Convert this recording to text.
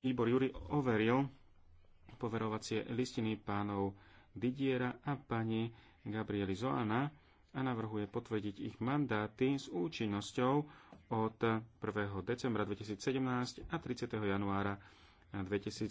Výbor jury overil poverovacie listiny pánov Didiera a pani Gabrieli Zoana a navrhuje potvrdiť ich mandáty s účinnosťou od 1. decembra 2017 a 30. januára 2018.